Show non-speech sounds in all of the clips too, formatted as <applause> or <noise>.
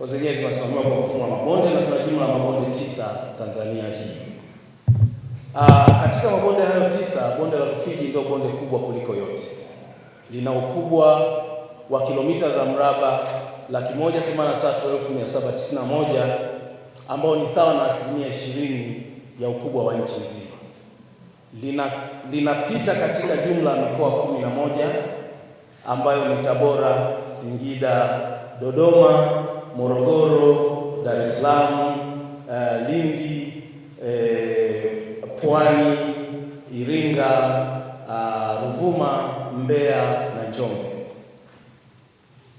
Kwa zenyewe zinasimamiwa kwa mfumo wa mabonde na tuna jumla ya mabonde tisa Tanzania hii. Aa, ah, katika mabonde hayo tisa, bonde la Rufiji ndio bonde kubwa kuliko yote, lina ukubwa wa kilomita za mraba laki moja themanini na tatu elfu mia saba tisini na moja ambao ni sawa na asilimia ishirini ya ukubwa wa nchi nzima. Lina linapita katika jumla ya mikoa kumi na moja ambayo ni Tabora, Singida, Dodoma Morogoro, Dar es Salaam, uh, Lindi, eh, Pwani, Iringa, uh, Ruvuma, Mbeya na Njombe.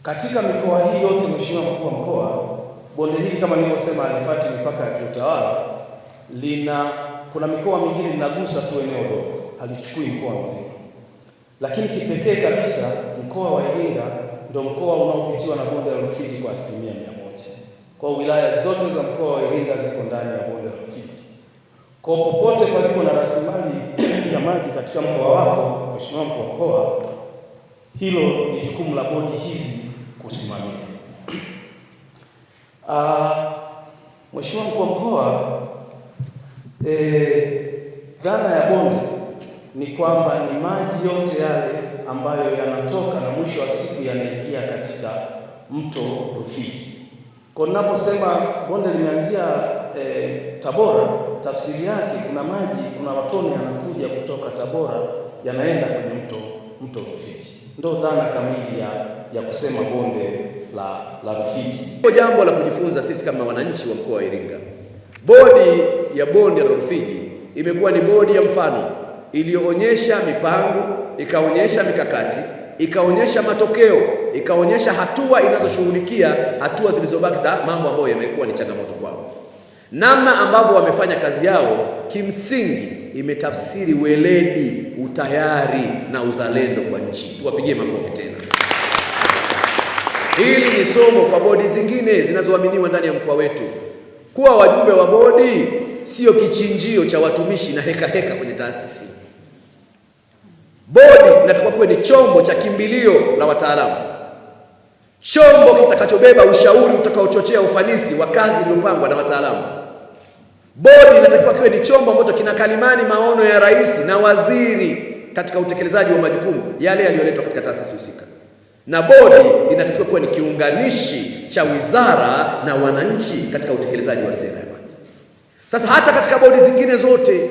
Katika mikoa hii yote, Mheshimiwa Mkuu wa Mkoa, bonde hili kama nilivyosema alifuati mipaka ya kiutawala, lina kuna mikoa mingine linagusa tu eneo dogo, halichukui mkoa mzima, lakini kipekee kabisa mkoa wa Iringa ndio mkoa unaopitiwa na bonde la Rufiji kwa asilimia mia moja. Kwa hiyo wilaya zote za mkoa wa Iringa ziko ndani ya bonde la Rufiji. Kwa popote palipo na rasilimali ya maji katika mkoa wako, Mheshimiwa mkuu wa mkoa, hilo ni jukumu la bodi hizi kusimamia. Ah, Mheshimiwa mkuu wa mkoa, eh, dhana ya bonde ni kwamba ni maji yote yale ambayo yanatoka na mwisho wa siku siku yanaingia katika mto Rufiji. Kwa ninaposema bonde limeanzia e, Tabora, tafsiri yake kuna maji, kuna matone yanakuja kutoka Tabora yanaenda kwenye mto mto Rufiji. Ndio dhana kamili ya, ya kusema bonde la la Rufiji. Kwa jambo la kujifunza sisi kama wananchi wa mkoa wa Iringa, bodi ya bonde la Rufiji imekuwa ni bodi ya mfano iliyoonyesha mipango, ikaonyesha mikakati ikaonyesha matokeo, ikaonyesha hatua inazoshughulikia, hatua zilizobaki za mambo ambayo yamekuwa ni changamoto kwao. Namna ambavyo wamefanya kazi yao kimsingi imetafsiri weledi, utayari na uzalendo kwa nchi. Tuwapigie makofi tena. Hili ni somo kwa bodi zingine zinazoaminiwa ndani ya mkoa wetu. Kuwa wajumbe wa bodi sio kichinjio cha watumishi na heka heka kwenye taasisi kinatakiwa kuwe ni chombo cha kimbilio la wataalamu, chombo kitakachobeba ushauri utakaochochea ufanisi wa kazi iliyopangwa na wataalamu. Bodi inatakiwa kiwe ni chombo ambacho kinakalimani maono ya rais na waziri katika utekelezaji wa majukumu yale yaliyoletwa katika taasisi husika, na bodi inatakiwa kuwa ni kiunganishi cha wizara na wananchi katika utekelezaji wa sera ya maji. Sasa hata katika bodi zingine zote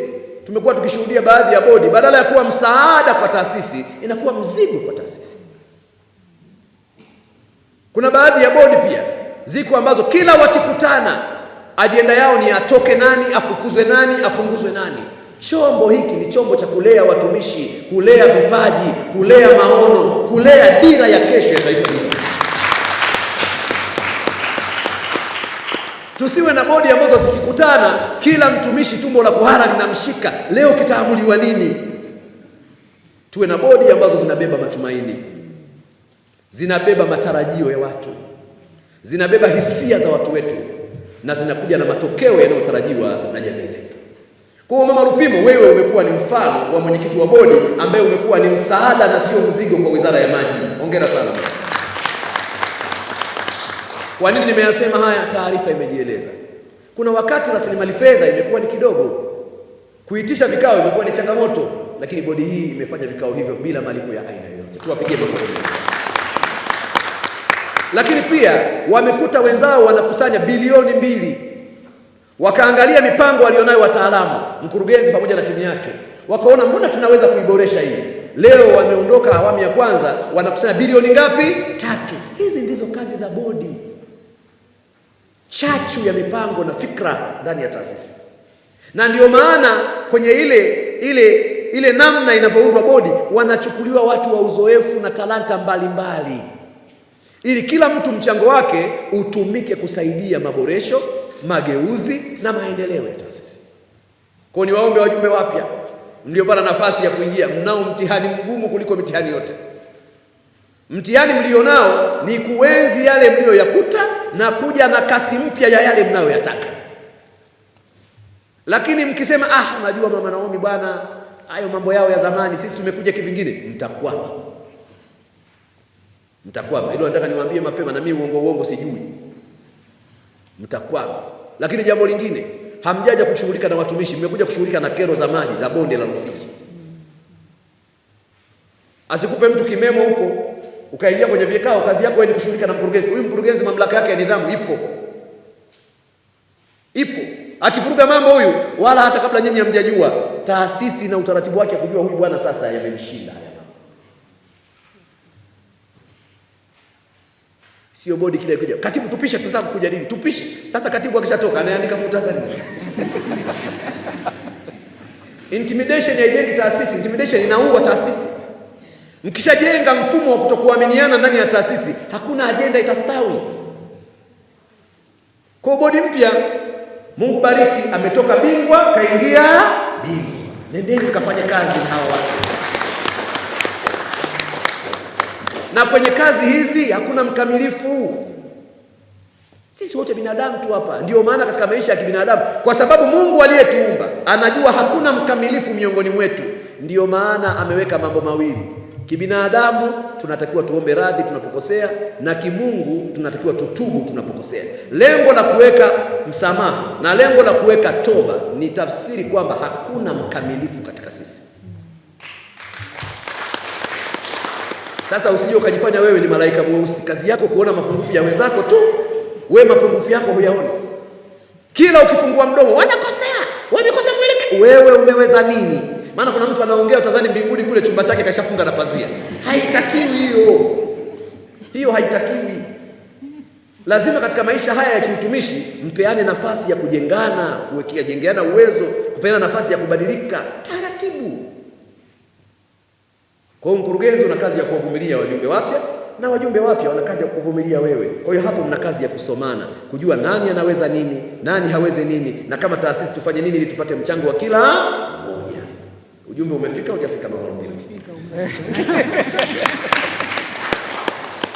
Tumekuwa tukishuhudia baadhi ya bodi, badala ya kuwa msaada kwa taasisi, inakuwa mzigo kwa taasisi. Kuna baadhi ya bodi pia ziko ambazo kila wakikutana ajenda yao ni atoke nani, afukuzwe nani, apunguzwe nani. Chombo hiki ni chombo cha kulea watumishi, kulea vipaji, kulea maono, kulea dira ya kesho ya taifa hili. Tusiwe na bodi ambazo zikikutana kila mtumishi tumbo la kuhara linamshika, leo kitaamuliwa nini? Tuwe na bodi ambazo zinabeba matumaini, zinabeba matarajio ya watu, zinabeba hisia za watu wetu, na zinakuja na matokeo yanayotarajiwa na jamii zetu. Kwa hiyo, Mama Lupimo, wewe umekuwa ni mfano wa mwenyekiti wa bodi ambaye umekuwa ni msaada na sio mzigo kwa Wizara ya Maji. Hongera sana. Kwa nini nimeyasema haya? Taarifa imejieleza. Kuna wakati rasilimali fedha imekuwa ni kidogo, kuitisha vikao imekuwa ni changamoto, lakini bodi hii imefanya vikao hivyo bila malipo ya aina yoyote. Tuwapigie makofi. Lakini pia wamekuta wenzao wanakusanya bilioni mbili, wakaangalia mipango walionayo wataalamu, mkurugenzi pamoja na timu yake, wakaona mbona tunaweza kuiboresha hii. Leo wameondoka awamu ya kwanza, wanakusanya bilioni ngapi? Tatu. Hizi ndizo kazi za bodi chachu ya mipango na fikra ndani ya taasisi, na ndiyo maana kwenye ile ile ile namna inavyoundwa bodi, wanachukuliwa watu wa uzoefu na talanta mbalimbali mbali, ili kila mtu mchango wake utumike kusaidia maboresho, mageuzi na maendeleo ya taasisi. Kwa ni niwaombe wajumbe wapya mliopata nafasi ya kuingia, mnao mtihani mgumu kuliko mitihani yote. Mtihani mlionao ni kuenzi yale mliyoyakuta na kuja na kasi mpya ya yale mnayoyataka. Lakini mkisema ah, unajua mama Naomi bwana, hayo mambo yao ya zamani, sisi tumekuja kivingine, mtakwama, mtakwama. Hilo nataka niwaambie mapema, na mimi uongo uongo sijui, mtakwama. Lakini jambo lingine, hamjaja kushughulika na watumishi, mmekuja kushughulika na kero za maji za bonde la Rufiji. Asikupe mtu kimemo huko ukaingia kwenye vikao, kazi yako ni kushughulika na mkurugenzi. Huyu mkurugenzi mamlaka yake ya nidhamu ipo ipo, akivuruga mambo huyu, wala hata kabla nyinyi hamjajua, taasisi na utaratibu wake kujua huyu bwana sasa yamemshinda haya mambo. Sio bodi kile kuja, katibu, tupishe, tunataka kujadili, tupishe. Sasa katibu akishatoka anaandika muhtasari <laughs> intimidation haijengi taasisi, intimidation inaua taasisi. Mkishajenga mfumo wa kutokuaminiana ndani ya taasisi, hakuna ajenda itastawi. Kwa bodi mpya, Mungu bariki, ametoka bingwa kaingia bingwa. Nendeni kafanya kazi na hawa watu, na kwenye kazi hizi hakuna mkamilifu. Sisi wote binadamu tu hapa. ndio maana katika maisha ya kibinadamu, kwa sababu Mungu aliyetuumba anajua hakuna mkamilifu miongoni mwetu, ndiyo maana ameweka mambo mawili Kibinadamu tunatakiwa tuombe radhi tunapokosea, na kimungu tunatakiwa tutubu tunapokosea. Lengo la kuweka msamaha na lengo la kuweka toba ni tafsiri kwamba hakuna mkamilifu katika sisi. Sasa usije ukajifanya wewe ni malaika mweusi, kazi yako kuona mapungufu ya wenzako tu, wewe mapungufu yako huyaoni. Kila ukifungua mdomo, wanakosea, wamekosea mwelekeo. Wewe umeweza nini? Maana kuna mtu anaongea utazani mbinguni kule chumba chake kashafunga na pazia. Haitakiwi hiyo, hiyo haitakiwi. Lazima katika maisha haya ya kiutumishi mpeane nafasi ya kujengana, kuwekea jengeana uwezo, kupeana nafasi ya kubadilika taratibu. Kwa hiyo, mkurugenzi una kazi ya kuwavumilia wajumbe wapya na wajumbe wapya wana kazi ya kuvumilia wewe. Kwa hiyo hapo mna kazi ya kusomana, kujua nani anaweza nini, nani haweze nini, na kama taasisi tufanye nini ili tupate mchango wa kila ujumbe umefika hujafika mbili <laughs>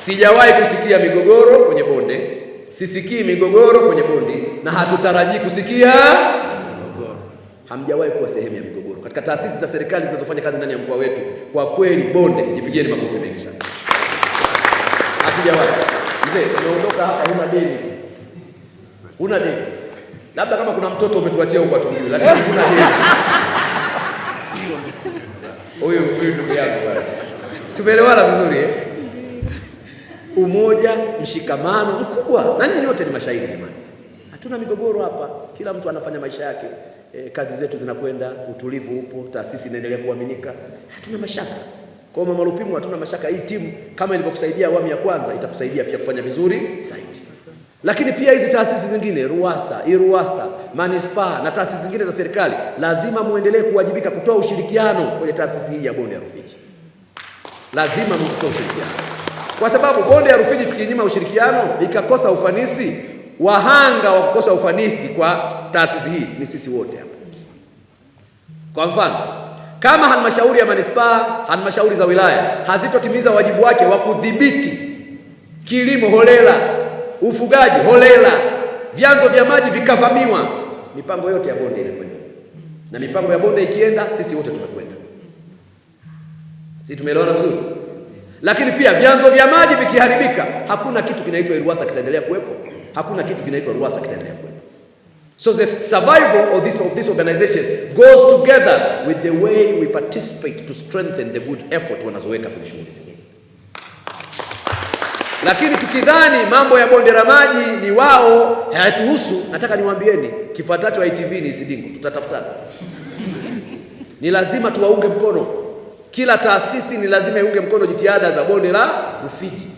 Sijawahi kusikia migogoro kwenye bonde, sisikii migogoro kwenye bondi na hatutarajii kusikia migogoro. Hamjawahi kuwa sehemu ya migogoro katika taasisi za serikali zinazofanya kazi ndani ya mkoa wetu. Kwa kweli, bonde, jipigieni makofi mengi sana. Hatujawahi. Mzee, umeondoka hapa, huna deni, huna deni, labda kama kuna mtoto umetuachia huko atumjui, lakini huna deni <laughs> huyu huyu ndugu yako bwana, si umeelewana vizuri eh? Umoja, mshikamano mkubwa, na nyinyi wote ni mashahidi jamani, hatuna migogoro hapa, kila mtu anafanya maisha yake e, kazi zetu zinakwenda, utulivu upo, taasisi inaendelea kuaminika, hatuna mashaka. Kwa hiyo Mama Lupimu, hatuna mashaka. Hii timu kama ilivyokusaidia awamu ya kwanza itakusaidia pia kufanya vizuri zaidi. Lakini pia hizi taasisi zingine RUWASA, IRUWASA, manispaa na taasisi zingine za serikali lazima muendelee kuwajibika kutoa ushirikiano kwenye taasisi hii ya bonde ya Rufiji. Lazima mtoe ushirikiano, kwa sababu bonde ya Rufiji tukinyima ushirikiano ikakosa ufanisi, wahanga wa kukosa ufanisi kwa taasisi hii ni sisi wote hapa. Kwa mfano, kama halmashauri ya manispaa, halmashauri za wilaya hazitotimiza wajibu wake wa kudhibiti kilimo holela ufugaji holela, vyanzo vya maji vikavamiwa, mipango yote ya bonde inakwenda. Na mipango ya bonde ikienda, sisi wote tunakwenda. Sisi tumeelewana vizuri, lakini pia vyanzo vya maji vikiharibika, hakuna kitu kinaitwa Ruwasa kitaendelea kuwepo, hakuna kitu kinaitwa Ruwasa kitaendelea kuwepo. So the survival of this, of this organization goes together with the way we participate to strengthen the good effort wanazoweka kwenye shughuli zingine. Lakini tukidhani mambo ya bonde la maji ni wao hayatuhusu, nataka niwaambieni kifuatacho, ITV ni Sidingo, tutatafutana. Ni lazima tuwaunge mkono, kila taasisi ni lazima iunge mkono jitihada za bonde la Rufiji.